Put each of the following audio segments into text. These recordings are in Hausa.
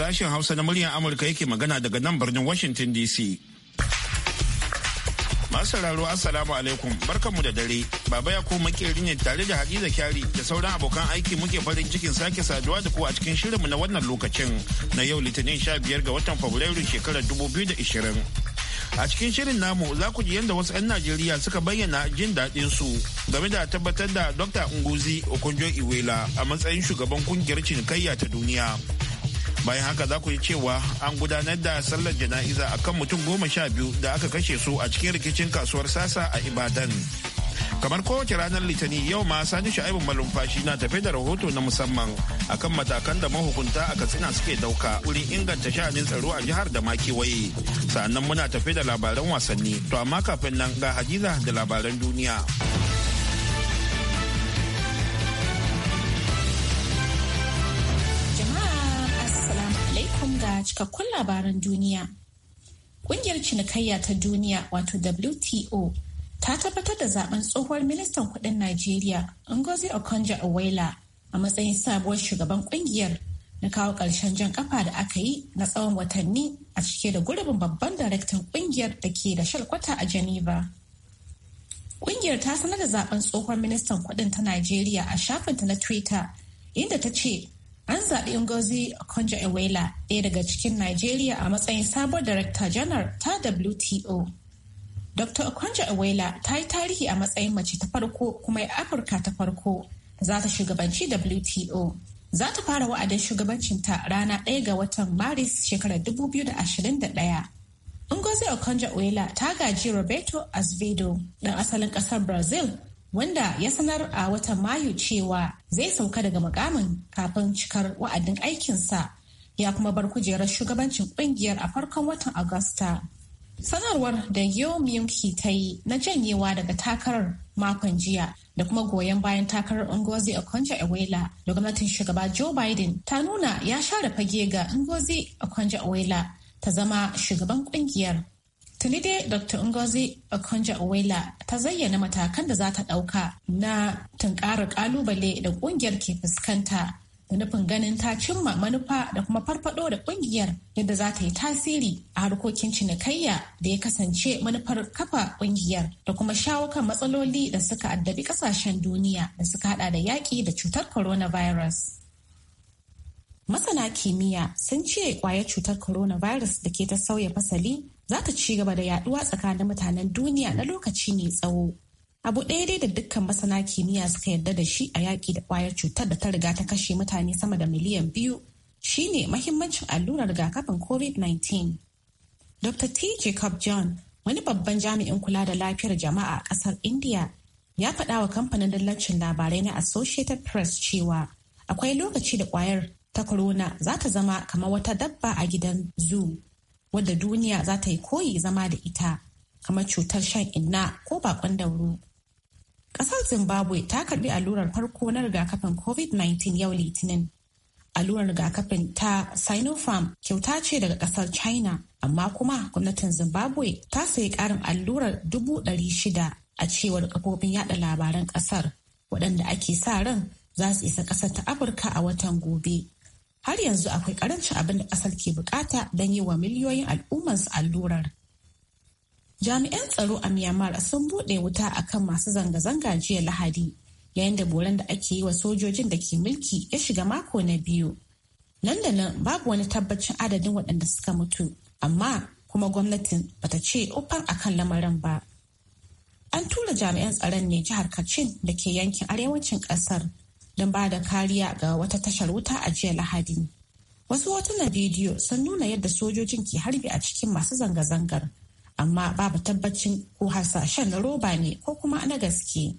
Sashen Hausa na muryar Amurka yake magana daga nan birnin Washington DC. Masu sauraro Assalamu alaikum barkanmu da dare. Baba ya kuma makeri ne tare da Hadiza Kyari da sauran abokan aiki muke farin cikin sake saduwa da ku a cikin shirinmu na wannan lokacin na yau Litinin sha biyar ga watan Fabrairu shekarar 2020. a cikin shirin namu za ku ji yadda wasu 'yan najeriya suka bayyana jin daɗin su game da tabbatar da dr unguzi okonjo iwela a matsayin shugaban kungiyar cinikayya ta duniya bayan haka za ku yi cewa an gudanar da sallar jana'iza a kan mutum goma sha biyu da aka kashe su a cikin rikicin kasuwar sasa a ibadan kamar kowace ranar litani yau ma sani sha'ibin malumfashi na tafe da rahoto na musamman akan matakan da mahukunta a katsina suke dauka wurin inganta sha'anin tsaro a jihar da ma kewaye sa'annan muna tafe da labaran wasanni to amma kafin nan ga hadiza da labaran duniya cikakkun labaran duniya. Kungiyar cinikayya ta duniya wato WTO ta tabbatar da zaben tsohuwar ministan kudin Najeriya Ngozi Okonjo-Iweala a matsayin sabuwar shugaban ƙungiyar, na kawo ƙarshen jan kafa da aka yi na tsawon watanni a cike da gurbin babban daraktan ƙungiyar da ke da shalkwata a Geneva. Ƙungiyar ta sanar da zaben tsohuwar ministan kudin ta Najeriya a shafinta na Twitter inda ta ce an zaɓi Ngozi konja-ewela ɗaya daga cikin Najeriya a matsayin sabon Director Janar ta WTO. Dr. Okonjo-Iweala ta yi tarihi a matsayin mace ta farko kuma Afirka ta farko za ta shugabanci WTO. Za ta fara wa'adin shugabancinta rana ɗaya ga watan Maris shekarar 2021. Ngozi Okonjo-Iweala ta gaji Roberto Azevedo ɗan asalin ƙasar Brazil wanda ya sanar a watan Mayu cewa zai sauka daga mukamin kafin cikar wa'adin aikinsa ya kuma bar kujerar shugabancin kungiyar a farkon watan Agusta. Sanarwar da Yo ta yi na janyewa daga takarar makon jiya da kuma goyon bayan takarar Ngozi Okonjo-Iweala da gwamnatin shugaba Joe Biden ta nuna ya share fage ga Ngozi Okonjo-Iweala ta zama shugaban kungiyar Tuni dai Dr. Ngozi okonjo owela ta zayyana matakan da za ta ɗauka na tunkarar ƙalubale da ƙungiyar ke fuskanta da nufin ganin ta cimma manufa da kuma farfado da ƙungiyar yadda za ta yi tasiri a harkokin cinikayya da ya kasance manufar kafa ƙungiyar da kuma shawo kan matsaloli da suka addabi ƙasashen duniya da suka hada da yaƙi da cutar coronavirus. Masana kimiyya sun ce kwayar cutar coronavirus da ke ta sauya fasali za ta ci gaba da yaduwa tsakanin mutanen duniya na lokaci ne tsawo. Abu ɗaya dai da dukkan masana kimiyya suka yarda da shi a yaƙi da ƙwayar cutar da ta riga ta kashe mutane sama da miliyan biyu shine mahimmancin allurar rigakafin COVID-19. Dr. T. Jacob John, wani babban jami'in kula da lafiyar jama'a a ƙasar India, ya faɗa wa kamfanin dallacin labarai na Associated Press cewa akwai lokaci da ƙwayar ta corona za ta zama kamar wata dabba a gidan zoo wadda duniya za ta yi koyi zama da ita kamar cutar shan inna ko bakon dauro. Ƙasar Zimbabwe ta karbi allurar farko na rigakafin COVID-19 yau Litinin. Allurar rigakafin ta Sinopharm kyauta ce daga ƙasar China, amma kuma gwamnatin Zimbabwe ta sayi ƙarin allurar dubu ɗari shida a cewar kafofin yada labaran ƙasar waɗanda ake sa ran za su isa ƙasar ta Afirka a watan gobe. har yanzu akwai karancin abin da kasar ke bukata don yi wa miliyoyin al'ummarsu allurar. Jami'an tsaro a Myanmar sun buɗe wuta akan masu zanga-zanga jiya Lahadi yayin da boran da ake yi wa sojojin da ke mulki ya shiga mako na biyu. Nan da nan babu wani tabbacin adadin waɗanda suka mutu, amma kuma gwamnatin bata ce ufan kan lamarin ba. An tura jami'an tsaron ne jihar Kacin da ke yankin arewacin ƙasar don ba da kariya ga wata tashar wuta a jiya lahadi wasu hotunan bidiyo sun nuna yadda sojojin ke harbi a cikin masu zanga-zangar amma babu tabbacin ko hasashen na roba ne ko kuma na gaske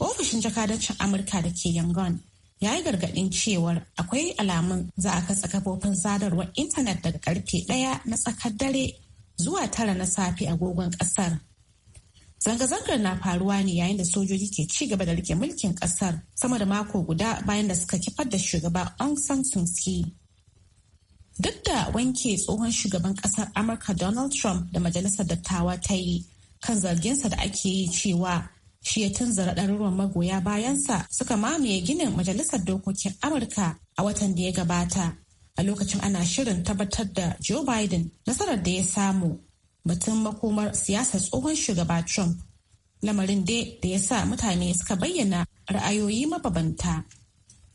ofishin jakadancin amurka da ke yangon ya yi gargaɗin cewar akwai alamun za a katsa kafofin sadarwar intanet daga karfe ɗaya na tsakar dare zuwa tara na safe agogon ƙasar Zanga-zangar na faruwa ne yayin da sojoji ke ci gaba da rike mulkin kasar sama da mako guda bayan da suka kifar da shugaba Aung San Suu Kyi. Duk da wanke tsohon shugaban kasar Amurka Donald Trump da majalisar dattawa ta yi kan zarginsa da ake yi cewa shi ya tunzara ɗaruruwan magoya bayansa suka mamaye ginin majalisar dokokin Amurka a watan da ya gabata. A lokacin ana shirin tabbatar da Joe Biden nasarar da ya samu batun makomar siyasar tsohon shugaba Trump. Lamarin dai da ya sa mutane suka bayyana ra'ayoyi mababanta.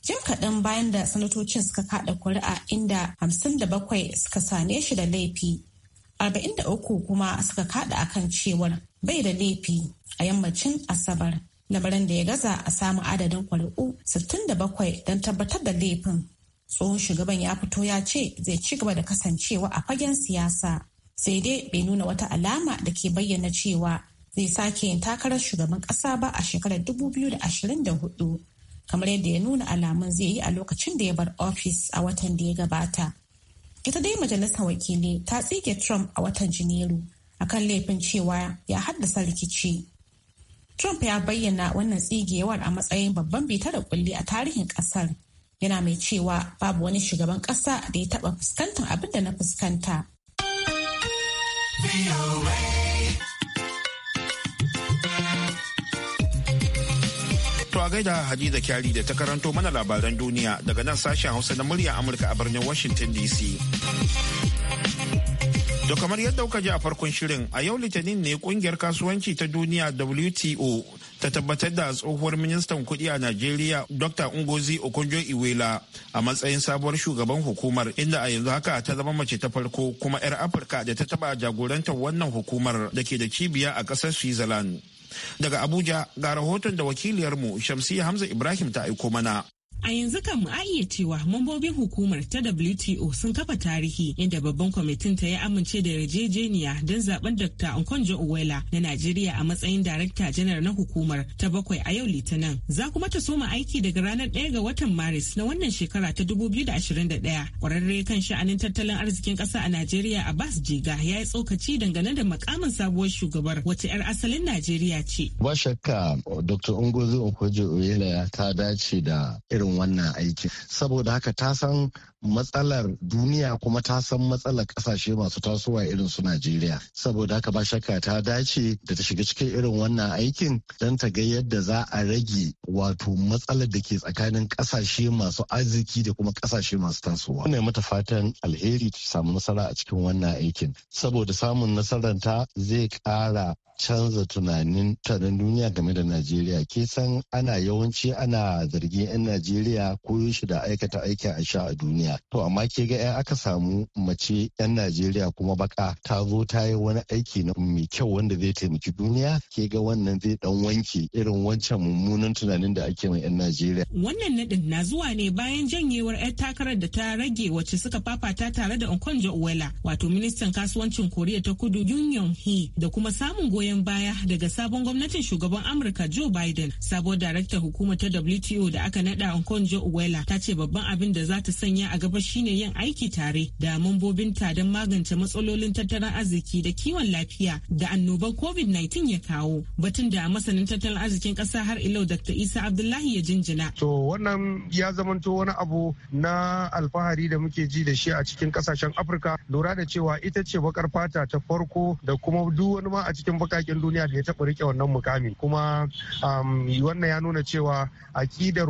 Jim kaɗan bayan da sanatocin suka kaɗa kuri'a inda 57 suka sane shi da laifi, 43 kuma suka kaɗa kan cewar bai da laifi a yammacin Asabar. Lamarin da ya gaza a samu adadin kuri'u 67 don tabbatar da laifin. Tsohon shugaban ya fito ya ce zai ci gaba da kasancewa a fagen siyasa. sai dai bai nuna wata alama da ke bayyana cewa zai sake yin takarar shugaban ƙasa ba a shekarar 2024 kamar yadda ya nuna alamun zai yi a lokacin da ya bar ofis a watan da ya gabata. Ita dai majalisar wakili ta tsige Trump a watan Janairu akan laifin cewa ya haddasa rikici. Trump ya bayyana wannan tsigewar a matsayin babban bita da kulli a tarihin kasar. Yana mai cewa babu wani shugaban kasa da ya taba fuskantar abin da na fuskanta To a gaida Hadiza Kyari da ta karanto mana labaran duniya daga nan sashen Hausa na murya Amurka a birnin Washington DC. da kamar yadda kuka ji a farkon shirin a yau litinin ne kungiyar kasuwanci ta duniya WTO ta tabbatar da tsohuwar ministan kudi a Najeriya Dr. Ngozi Okonjo Iweala a matsayin sabuwar shugaban hukumar inda a yanzu haka ta zama mace ta farko kuma 'yar Afirka da ta taba jagorantar wannan hukumar da ke da cibiya a ƙasar Switzerland. Daga Abuja ga rahoton da wakiliyarmu Shamsiyya Hamza Ibrahim ta aiko mana. A yanzu kan a iya cewa mambobin hukumar ta WTO sun kafa tarihi inda babban kwamitin ta ya amince da yarjejeniya don zaben Dr. Nkonjo Uwela na Najeriya a matsayin Darakta Janar na hukumar ta bakwai a yau Litinin. Za kuma ta soma aiki daga ranar ɗaya ga watan Maris na wannan shekara ta 2021. Kwararre kan sha'anin tattalin arzikin ƙasa a Najeriya a Bas Jiga ya yi tsokaci dangane da makamin sabuwar shugabar wacce 'yar asalin Najeriya ce. Ba shakka Dr. Ngozi Okojo Uwela ta dace da irin irin wannan aikin saboda haka ta san matsalar duniya kuma ta san matsalar kasashe masu tasowa irin su Najeriya saboda haka ba shakka ta dace da ta shiga cikin irin wannan aikin don ta ga yadda za a rage wato matsalar da ke tsakanin kasashe masu arziki da kuma kasashe masu tasowa. ne mata fatan alheri ta samu nasara a cikin wannan aikin saboda samun nasarar ta zai kara canza tunanin taron duniya game da Najeriya. Ke san ana yawanci ana zargin 'yan Najeriya Najeriya ko shi da aikata aikin aisha a duniya. To amma ke ga yan aka samu mace yan Najeriya kuma baka ta zo ta yi wani aiki na mai kyau wanda zai taimaki duniya ke ga wannan zai dan wanke irin wancan mummunan tunanin da ake mai yan Najeriya. Wannan nadin na zuwa ne bayan janyewar 'yar takarar da ta rage wacce suka fafata tare da Okonjo Uwela wato ministan kasuwancin Koriya ta Kudu Yun Yong da kuma samun goyon baya daga sabon gwamnatin shugaban Amurka Joe Biden. Sabon daraktan hukumar ta WTO da aka nada Okonjo Uwela ta ce babban abin da za ta sanya a gaba shine yin aiki tare da mambobinta don magance matsalolin tattalin arziki da kiwon lafiya da annobar COVID-19 ya kawo. Batun da masanin tattalin arzikin kasa har ilau Dr. Isa Abdullahi ya jinjina. To wannan ya zamanto wani abu na alfahari da muke ji da shi a cikin kasashen Afirka lura da cewa ita ce bakar fata ta farko da kuma duk wani ma a cikin bakakin duniya da ya taɓa rike wannan mukami kuma um, wannan ya nuna cewa akidar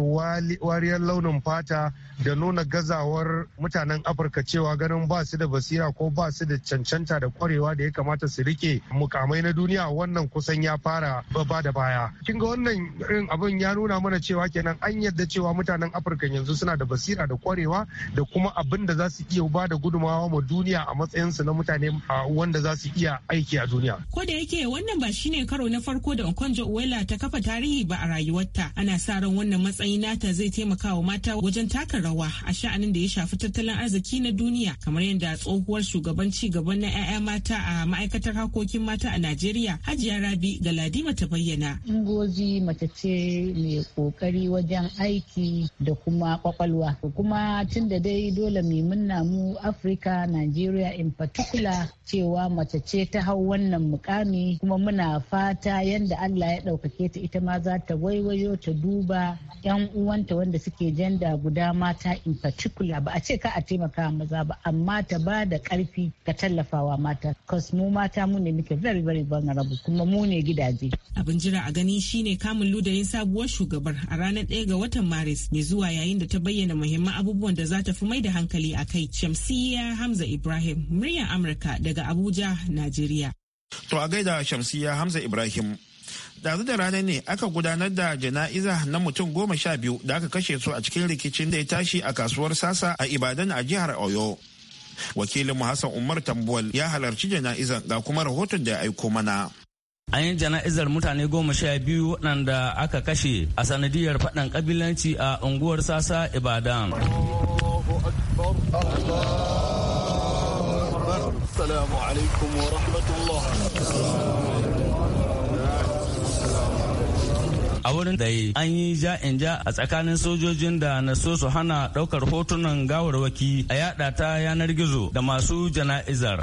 wariyar launin fata da nuna gazawar mutanen afirka cewa ganin ba su da basira ko ba su da cancanta da kwarewa da ya kamata su rike mukamai na duniya wannan kusan ya fara ba da baya kin ga wannan irin abin ya nuna mana cewa kenan an yadda cewa mutanen afirka yanzu suna da basira da kwarewa da kuma abin da za su iya ba da gudumawa ma duniya a matsayin su na mutane wanda za su iya aiki a duniya ko da yake wannan ba shine karo na farko da okonjo uwela ta kafa tarihi ba a rayuwarta ana sa ran wannan matsayi nata zai taimakawa mata wajen taka rawa a sha'anin da ya shafi tattalin arziki na duniya kamar yadda tsohuwar shugaban ci gaban na 'ya'ya mata a ma'aikatar hakokin mata a Najeriya Hajiya Rabi ga ladima ta bayyana. ingozi mace ce mai kokari wajen aiki da kuma kwakwalwa. Kuma tun da dai dole mai munna mu Afirka Najeriya in particular cewa mace ce ta hau wannan mukami kuma muna fata yadda Allah ya ɗaukake ta ita ma za ta waiwayo ta duba 'yan uwanta waɗanda suke janda guda mata in particular ba a ce ka a taimaka maza ba amma ta ba da karfi ga tallafawa mata cause mu mata mu ne muke very very vulnerable kuma mu ne gidaje abin jira a gani shine kamun ludayin sabuwar shugabar a ranar ɗaya ga watan maris mai zuwa yayin da ta bayyana muhimman abubuwan da za ta fi mai da hankali a kai shamsiya hamza ibrahim muryar amurka daga abuja najeriya to a gaida shamsiya hamza ibrahim dazu da rana ne aka gudanar da jana'iza na mutum goma sha biyu da aka kashe su a cikin rikicin da ya tashi a kasuwar sasa a ibadan a jihar oyo wakilin mu hassan umar tambuwal ya halarci jana'izan ga kuma rahoton da ya aiko mana an yi jana'izar mutane goma sha biyu waɗanda aka kashe a sanadiyar faɗan ƙabilanci a unguwar sasa ibadan Assalamu alaikum wa a wurin da an yi ja in ja a tsakanin sojojin da na so su hana ɗaukar hotunan gawarwaki a yada ta yanar gizo da masu jana'izar.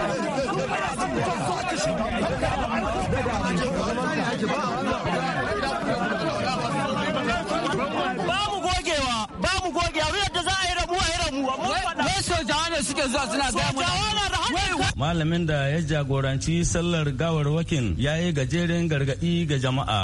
Malamin da ya jagoranci sallar gawar wakin ya yi gajeren gargaɗi ga jama'a.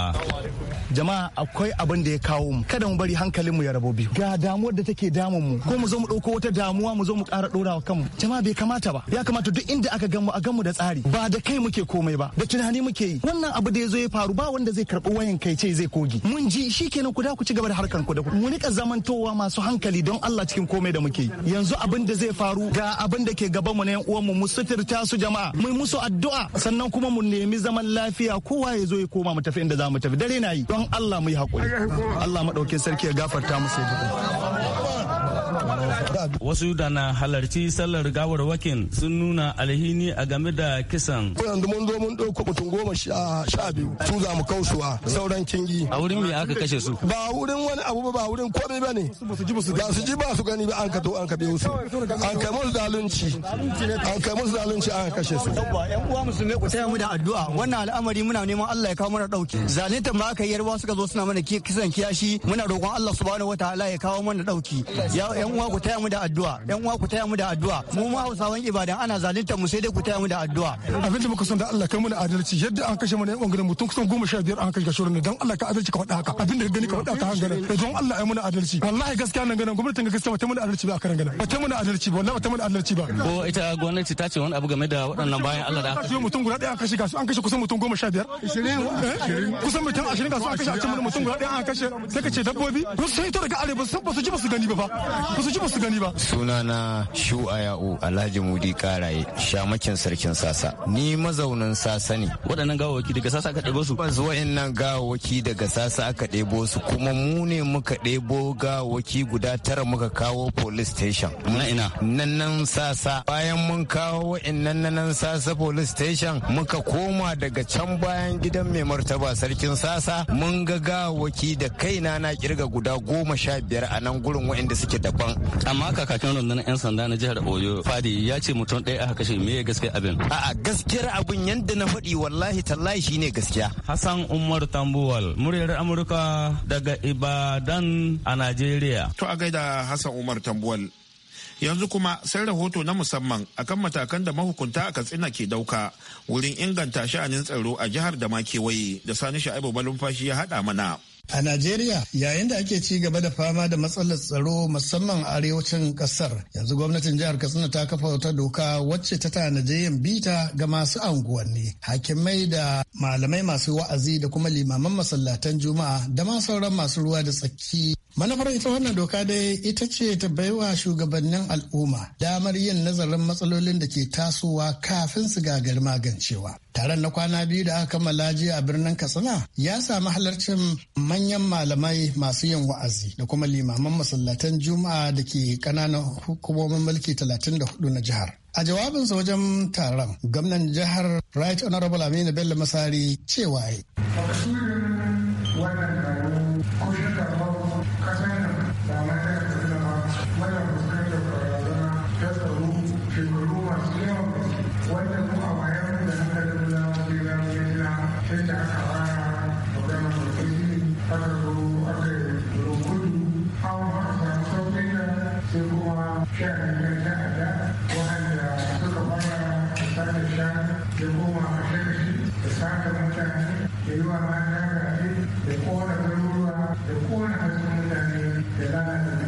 jama'a akwai abin da ya kawo mu kada mu bari hankalin mu ya rabo biyu ga damuwar da take damun mu ko mu zo mu dauko wata damuwa mu zo mu kara dorawa kanmu jama'a bai kamata ba ya kamata duk inda aka gan mu a gan mu da tsari ba da kai muke komai ba da tunani muke yi wannan abu da ya zo ya faru ba wanda zai karbi wayan kai ce zai kogi mun ji shikenan ku da ku ci gaba da harkar ku da ku mu rika zamantowa masu hankali don Allah cikin komai da muke yi yanzu abin da zai faru ga abin da ke gaban mu na yan uwan mu mu suturta su jama'a mu musu addu'a sannan kuma mu nemi zaman lafiya kowa ya zo ya koma mu tafi inda za mu tafi dare na yi dan Allah mu yi hakuri Allah madaukin sarki ya gafarta musu ya Wasu da na halarci sallar gawar wakin sun nuna alhini a game da kisan. yanzu mun zo mun ɗauko mutum goma sha biyu su za mu kausuwa sauran kingi. A wurin me aka kashe su? Ba wurin wani abu ba ba wurin komai ba ne. Ba su ji ba su gani ba an ka to an ka biyo su. An kai musu zalunci. An kai musu zalunci an kashe su. Yan uwa ku taya mu da addu'a wannan al'amari muna neman Allah ya kawo mana ɗauki. Zalunta ma aka yi yarwa suka zo suna mana kisan kiyashi muna roƙon Allah subhanahu wa ta'ala ya kawo mana ɗauki. Yan yan uwa ku taya mu da addu'a yan uwa ku taya mu da addu'a mu ma Hausawan Ibadan ana zalunta mu sai dai ku taya mu da addu'a abinda muka san da Allah kai mu da adalci yadda an kashe mu ne bangaren mutum kusan 15 an kashe kashe ne dan Allah ka adalci ka faɗa haka abinda ka gani ka faɗa ka hangare don Allah ai mu da adalci wallahi gaskiya nan ganin gwamnatin gaskiya ta mu da adalci ba a karan ganin bata mu da adalci ba wallahi ta mu da adalci ba ko ita gwamnati ta ce wani abu game da waɗannan bayan Allah da aka kashe mutum guda ɗaya an kashe gasu an kashe kusan mutum 15 sha eh? kusan mutum ashirin gasu an kashe a cikin mutum guda ɗaya an kashe sai ka ce dabbobi ba sai ta daga arewa ba su ji ba su gani ba ba su ji ba su gani ba. Sunana Shu'aya'u Alhaji Mudi Karaye, shamakin sarkin sasa. Ni mazaunin sasa ne. Waɗannan gawawaki daga sasa aka ɗebo su? su wa'annan gawawaki daga sasa aka ɗebo su kuma mu ne muka ɗebo gawawaki guda tara muka kawo police station. Na ina? Nan nan sasa. Bayan mun kawo wa'annan nan sasa police station muka koma daga can bayan gidan mai martaba sarkin sasa mun ga gawawaki da kaina na kirga guda goma sha biyar a nan gurin wa'anda suke daban daban amma kakakin rundunar 'yan sanda na jihar oyo fadi ya ce mutum ɗaya aka kashe me gaskiya abin a'a gaskiyar abin yadda na faɗi wallahi tallahi shine gaskiya hassan umar tambuwal muryar amurka daga ibadan a najeriya to a gaida hassan umar tambuwal yanzu kuma sai rahoto na musamman akan matakan da mahukunta a katsina ke dauka wurin inganta sha'anin tsaro a jihar da ma kewaye da sani sha'ibu balumfashi ya haɗa mana A Najeriya yayin da ake ci gaba da fama da matsalar tsaro musamman a arewacin kasar yanzu gwamnatin jihar Katsina ta kafa wata doka wacce ta tanaje yin bita ga masu anguwanni hakimai da malamai masu wa'azi da kuma limaman masallatan juma'a da ma sauran masu ruwa da tsaki manufar ita wannan doka dai ita ce ta baiwa shugabannin al'umma damar yin nazarin matsalolin da ke tasowa kafin su gagari magancewa Taron na kwana biyu da aka kammala jiya a birnin Katsina ya sami halarcin manyan malamai masu yin wa'azi da kuma limaman masallatan Juma'a da ke kananan hukumomin mulki 34 na jihar. A jawabinsa wajen taron, gwamnan jihar Right Honorable Aminu Bello Masari cewa shanayen da waɗanda suka fara da sata shanu da goma a da sata mutane da yi wa mata da kona da kona hasken mutane da lalata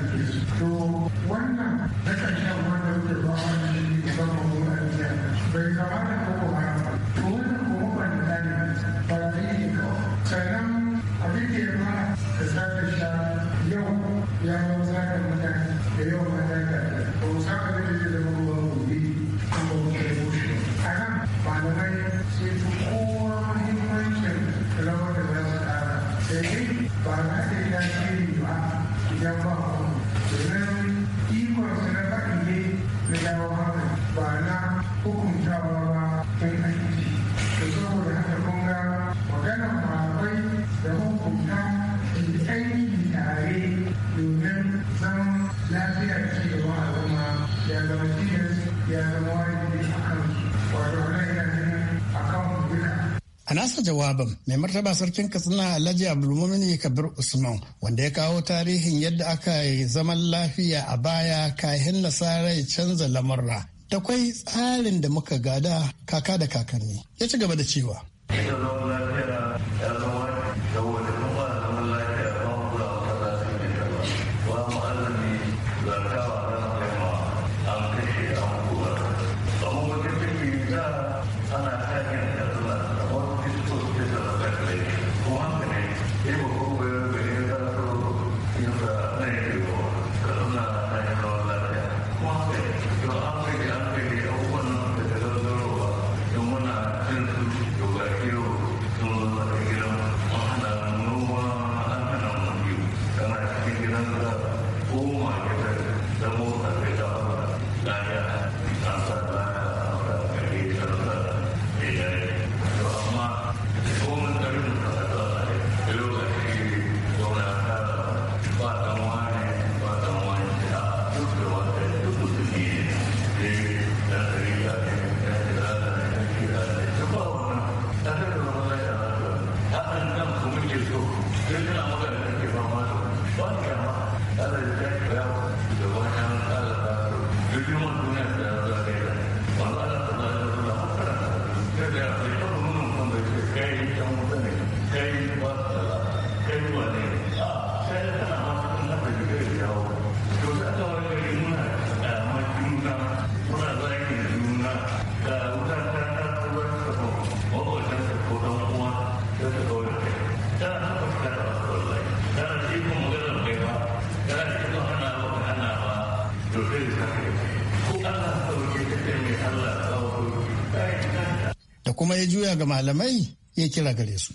a nasa jawabin mai martaba sarkin Katsina Alhaji Abdulmumini Kabir Usman wanda ya kawo tarihin yadda aka yi zaman lafiya a baya kahin nasara ya canza lamarra. takwai tsarin da muka gada kaka da kakanni. Ya ci gaba da cewa. zamo a da kuma ya juya ga malamai ya kira gare su.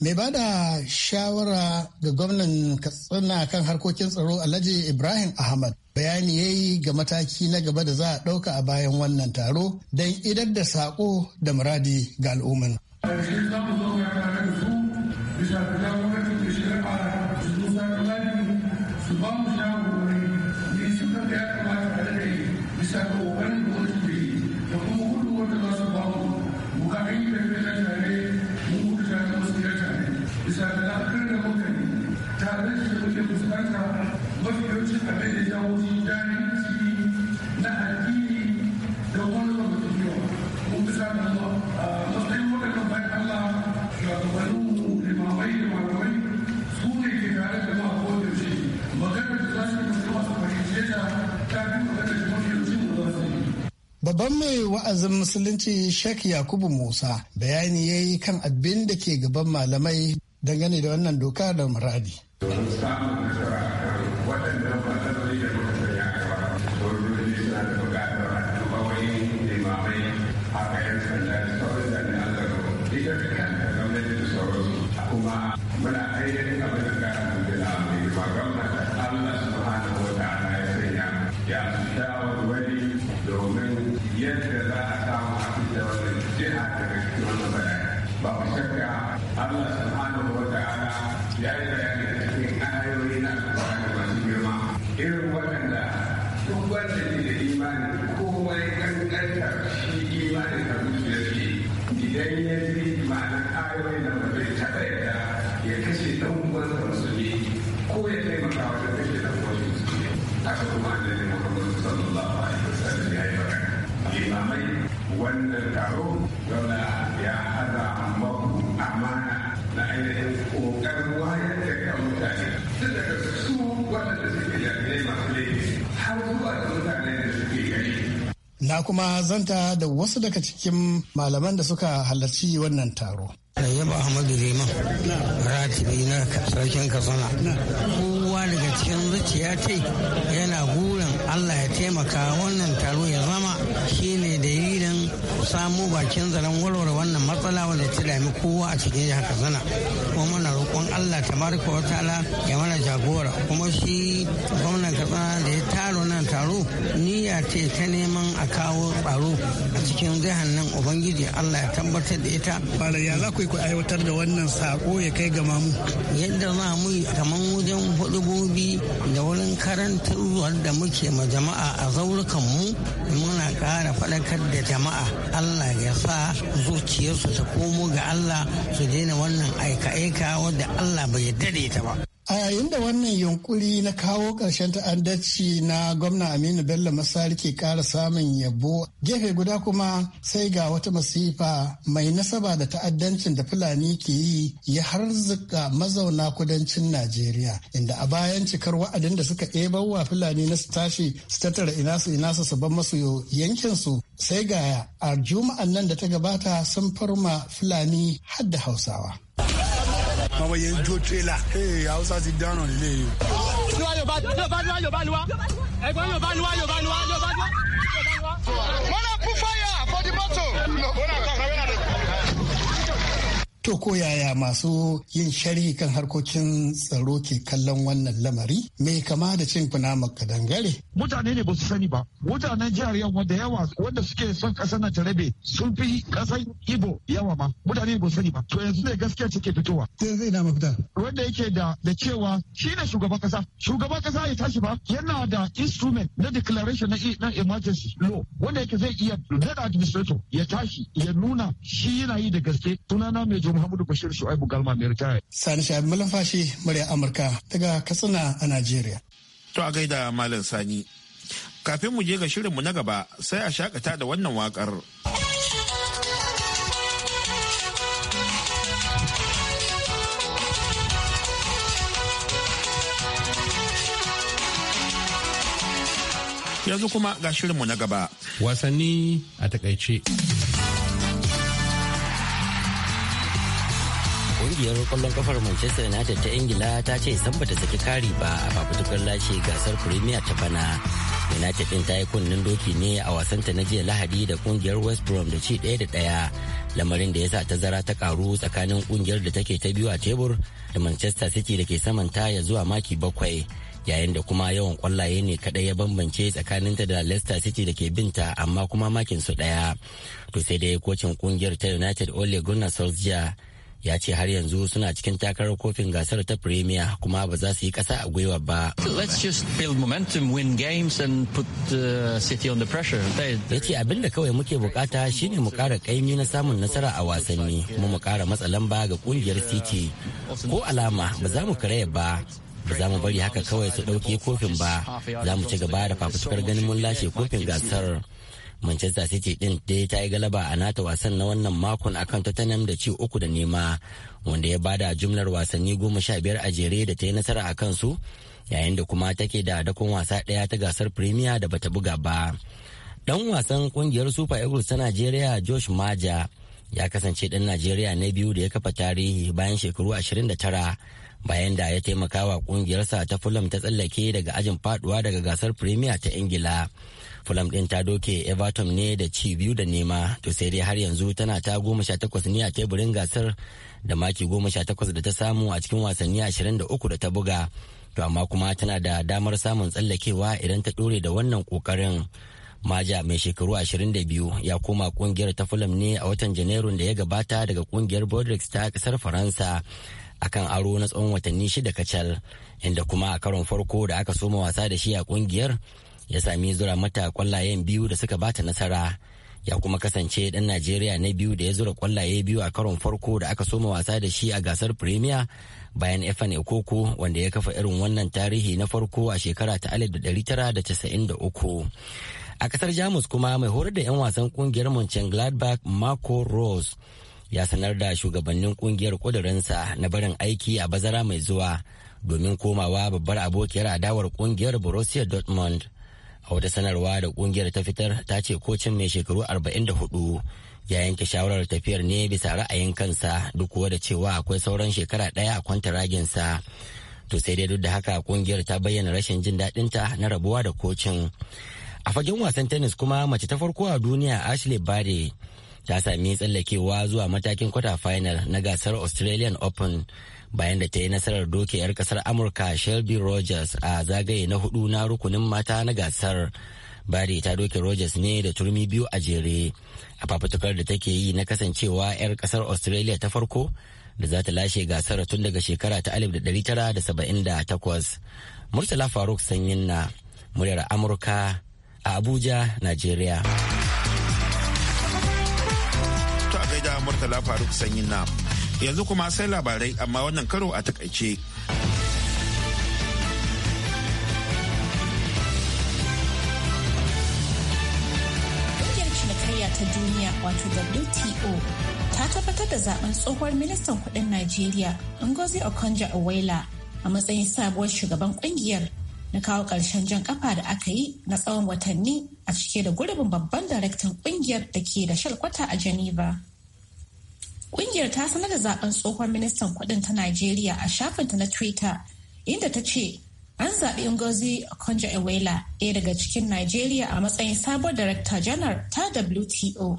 Mai ba da shawara ga gwamnan Katsina kan harkokin tsaro Alhaji Ibrahim Ahmad bayani ya yi ga mataki na gaba da za a ɗauka a bayan wannan taro don idar da saƙo da muradi ga al'umman. Babban mai wa'azin musulunci Sheikh Yakubu Musa bayani ya yi kan abin da ke gaban malamai dangane da wannan doka da muradi. wannan taro ya na Na kuma zanta da wasu daga cikin malaman da suka halarci wannan taro. Rayyaba Ahmadu Liman, ratibi na sarkin Katsina. Kowa daga cikin zuciya ce yana burin Allah ya taimaka wannan taro ya zama shine dalilin samu bakin zaren warware wannan matsala wanda ta dami kowa a cikin jihar katsina kuma muna roƙon allah ta tabaraka wa ta'ala ya mana jagora kuma shi gwamnan katsina da ya taro nan taro niyya ce ta neman a kawo tsaro a cikin jihar nan ubangiji allah ya tabbatar da ita bara ya za ku yi aiwatar da wannan sako ya kai ga mamu yadda za mu yi kamar wajen hudubobi da wurin karantarwar da muke ma jama'a a zaurukan mu muna ƙara faɗakar da jama'a allah ya sa zuci zuciyarsu ta komo ga Allah su daina wannan aika-aika wadda Allah bai yarda da ita ba. A yayin da wannan yunkuri na kawo ƙarshen ta'addaci na gwamna Aminu Bello Masari ke ƙara samun yabo gefe guda kuma sai ga wata masifa mai nasaba da ta'addancin da Fulani ke yi ya harzuka mazauna kudancin Najeriya inda a bayan cikar wa'adin da suka ɗebar wa Fulani na su tashi su tattara ina su ina su ban masu yankin su sai ga a juma'an nan da ta gabata sun farma Fulani hadda Hausawa. àwọn yẹn ń jó tírélà ee ti dáràn nílé yìí. yorùbá yorùbá yorùbá yorùbá yorùbá ẹgbẹ́ yorùbá yorùbá yorùbá yorùbá yorùbá. mọ́nà kú fáyà fọ́dí mọ́tò. To ko yaya masu yin sharhi kan harkokin tsaro ke kallon wannan lamari me kama da cin kunama kadangare? Mutane ne ba su sani ba. Mutanen jihar yamma da yawa wanda suke son ƙasar na tarabe sun fi ƙasar Ibo yawa ma. Mutane ne ba su sani ba. To yanzu ne gaskiya take fitowa. Sai zai na mafita. Wanda yake da da cewa shi ne shugaban kasa. Shugaban kasa ya tashi ba yana da instrument na declaration na emergency law wanda yake zai iya zai administrator ya tashi ya nuna shi yana yi da gaske tunana mai Muhammadu Bashir Shu'aibu Galma mai ritaya. Sani Shabi Malafashi murya Amurka daga Katsina a Najeriya. To a gaida Malam Sani. Kafin mu je ga mu na gaba sai a shakata da wannan waƙar. Yanzu kuma ga shirinmu na gaba. Wasanni a takaice. kungiyar kwallon kafar manchester united ta ingila ta ce san bata saki kari ba a fafutukar lashe gasar premier ta bana united din ta yi kunnen doki ne a wasanta na jiya lahadi da kungiyar west brom da ci ɗaya da ɗaya lamarin da ya sa tazara ta karu tsakanin kungiyar da take ta biyu a tebur da manchester city da ke saman ya zuwa maki bakwai yayin da kuma yawan kwallaye ne kadai ya bambance tsakaninta da Leicester City da ke binta amma kuma makin su daya. To sai dai kocin kungiyar ta United Ole Gunnar Solskjaer ya ce har yanzu suna cikin takarar kofin gasar ta premier kuma ba za su yi kasa a gwiwa ba ya ce abinda kawai muke bukata shine mu kara kaimi na samun nasara a wasanni kuma mu kara matsa ba ga kungiyar city ko alama ba za mu karaya ba ba za mu bari haka kawai su ɗauke kofin ba za mu ci gaba da fafutukar ganin mun lashe kofin gasar manchester city din dai ta yi galaba a nata wasan na wannan makon akan tottenham da ci uku da nema wanda ya bada jumlar wasanni goma sha biyar a jere da ta yi nasara a kansu yayin da kuma take da dakon wasa ɗaya ta gasar premier da bata buga ba dan wasan kungiyar super eagles ta najeriya josh maja ya kasance dan najeriya na biyu da ya kafa tarihi bayan shekaru 29 bayan da ya taimaka wa kungiyarsa ta Fulham ta tsallake daga ajin faduwa daga gasar Premier ta Ingila. fulham ɗin ta doke everton ne da ci biyu da nema to sai dai har yanzu tana ta goma sha takwas ne a teburin gasar da maki goma sha takwas da ta samu a cikin wasanni ashirin da uku da ta buga to amma kuma tana da damar samun tsallakewa idan ta ɗore da wannan kokarin maja mai shekaru 22 ya koma kungiyar ta fulham ne a watan janairun da ya gabata daga kungiyar bordeaux ta kasar faransa akan aro na tsawon watanni shida kacal inda kuma a karon farko da aka soma wasa da shi a kungiyar ya sami zura mata kwallayen biyu da suka bata nasara ya kuma kasance dan najeriya na biyu da ya zura kwallaye biyu a karon farko da aka soma wasa da shi a gasar premier bayan efan ekoko wanda ya kafa irin wannan tarihi na farko a shekara ta 1993 a kasar jamus kuma mai horar da 'yan wasan kungiyar gladbach marco rose ya sanar da shugabannin kungiyar kudurinsa na barin aiki a bazara mai zuwa domin komawa babbar abokiyar adawar kungiyar borussia dortmund a wata sanarwa da kungiyar ta fitar ta ce kocin mai shekaru 44 ya yanke shawarar tafiyar ne bisa ra'ayin kansa duk kuwa da cewa akwai sauran shekara ɗaya a kwanta raginsa to sai dai duk da haka kungiyar ta bayyana rashin jin daɗinta na rabuwa da kocin a fagen wasan tennis kuma mace ta farko a duniya ashley bare ta sami tsallakewa zuwa matakin kwata final na gasar australian open bayan da ta yi nasarar doke 'yar kasar amurka shelby rogers a zagaye na hudu na rukunin mata na gasar bari ta doke rogers ne da turmi biyu a jere a fafutukar da take yi na kasancewa 'yar kasar australia ta farko da za ta lashe gasar tun daga shekara ta 1978 murtala faruk sanyin na muryar amurka a abuja nigeria Murtala Faruk Sanyin na. Yanzu kuma sai labarai amma wannan karo a takaice. ta duniya wato WTO ta tabbatar da zaben tsohuwar ministan kudin Najeriya Ngozi Okonjo-Iweala a matsayin sabuwar shugaban kungiyar na kawo karshen jan kafa da aka yi na tsawon watanni a cike da gurbin babban daraktan kungiyar da ke da shalkwata a Geneva. ƙungiyar ta sanar da zaben tsohon ministan kudin ta Najeriya a shafinta na Twitter inda ta ce an zaɓi Ngozi Okonjo-Iweala ɗaya daga cikin Najeriya a matsayin sabon darakta janar ta WTO.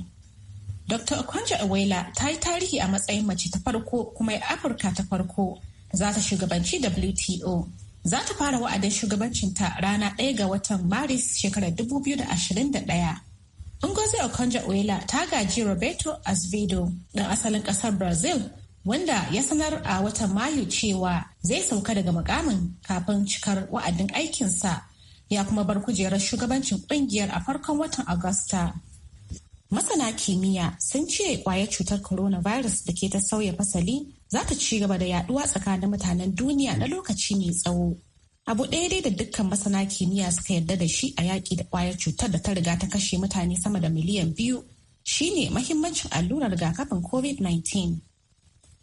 Dr. Okonjo-Iweala ta yi tarihi a matsayin mace ta farko kuma ya Afirka ta farko za ta shugabanci WTO. Za ta fara wa'adin shugabancinta rana ɗaya ga watan Maris shekarar 2021. Ngozi Okonjo-Iweala ta gaji Roberto Azevedo ɗan asalin ƙasar Brazil wanda ya sanar a watan Mayu cewa zai sauka daga mukamin kafin cikar wa'adin aikinsa ya kuma bar kujerar shugabancin ƙungiyar a farkon watan Agusta. Masana kimiyya sun ce kwayar cutar coronavirus da ke ta sauya fasali za ta ci gaba da yaduwa tsakanin mutanen duniya na lokaci mai tsawo. abu ɗaya dai da dukkan masana kimiyya suka yarda da shi a yaƙi da ƙwayar cutar da ta riga ta kashe mutane sama da miliyan biyu shine mahimmancin allurar rigakafin covid-19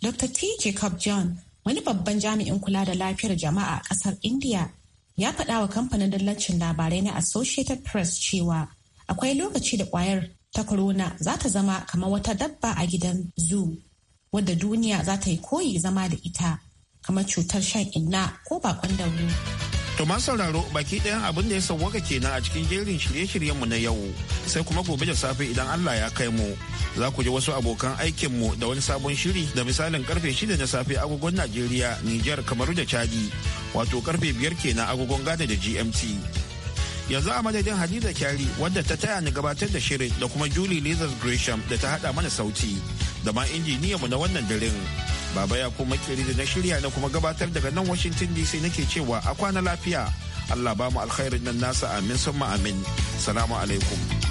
dr t jacob john wani babban jami'in kula da lafiyar jama'a a ƙasar india ya faɗa wa kamfanin dallacin labarai na associated press cewa akwai lokaci da ƙwayar ta corona za ta zama kamar wata dabba a gidan zoo wadda duniya za ta yi koyi zama da ita kamar cutar shan inna ko bakon dauro. To masu sauraro baki ɗayan abin da ya sauwaka kenan a cikin jerin shirye-shiryenmu na yau sai kuma gobe da safe idan Allah ya kai mu za ku ji wasu abokan aikinmu da wani sabon shiri da misalin karfe shida na safe agogon Najeriya, Nijar, Kamaru da Chadi wato karfe biyar kenan agogon Gada da GMT. Yanzu a madadin Hadiza Kyari wadda ta taya ni gabatar da shirin da kuma Julie Lizard Gresham da ta haɗa mana sauti da ma injiniyanmu na wannan daren. Baba ya kuma makeri da na shirya na kuma gabatar daga nan Washington DC nake cewa a kwana lafiya. Allah ba mu alkhairin nan nasa amin summa amin. Salamu alaikum.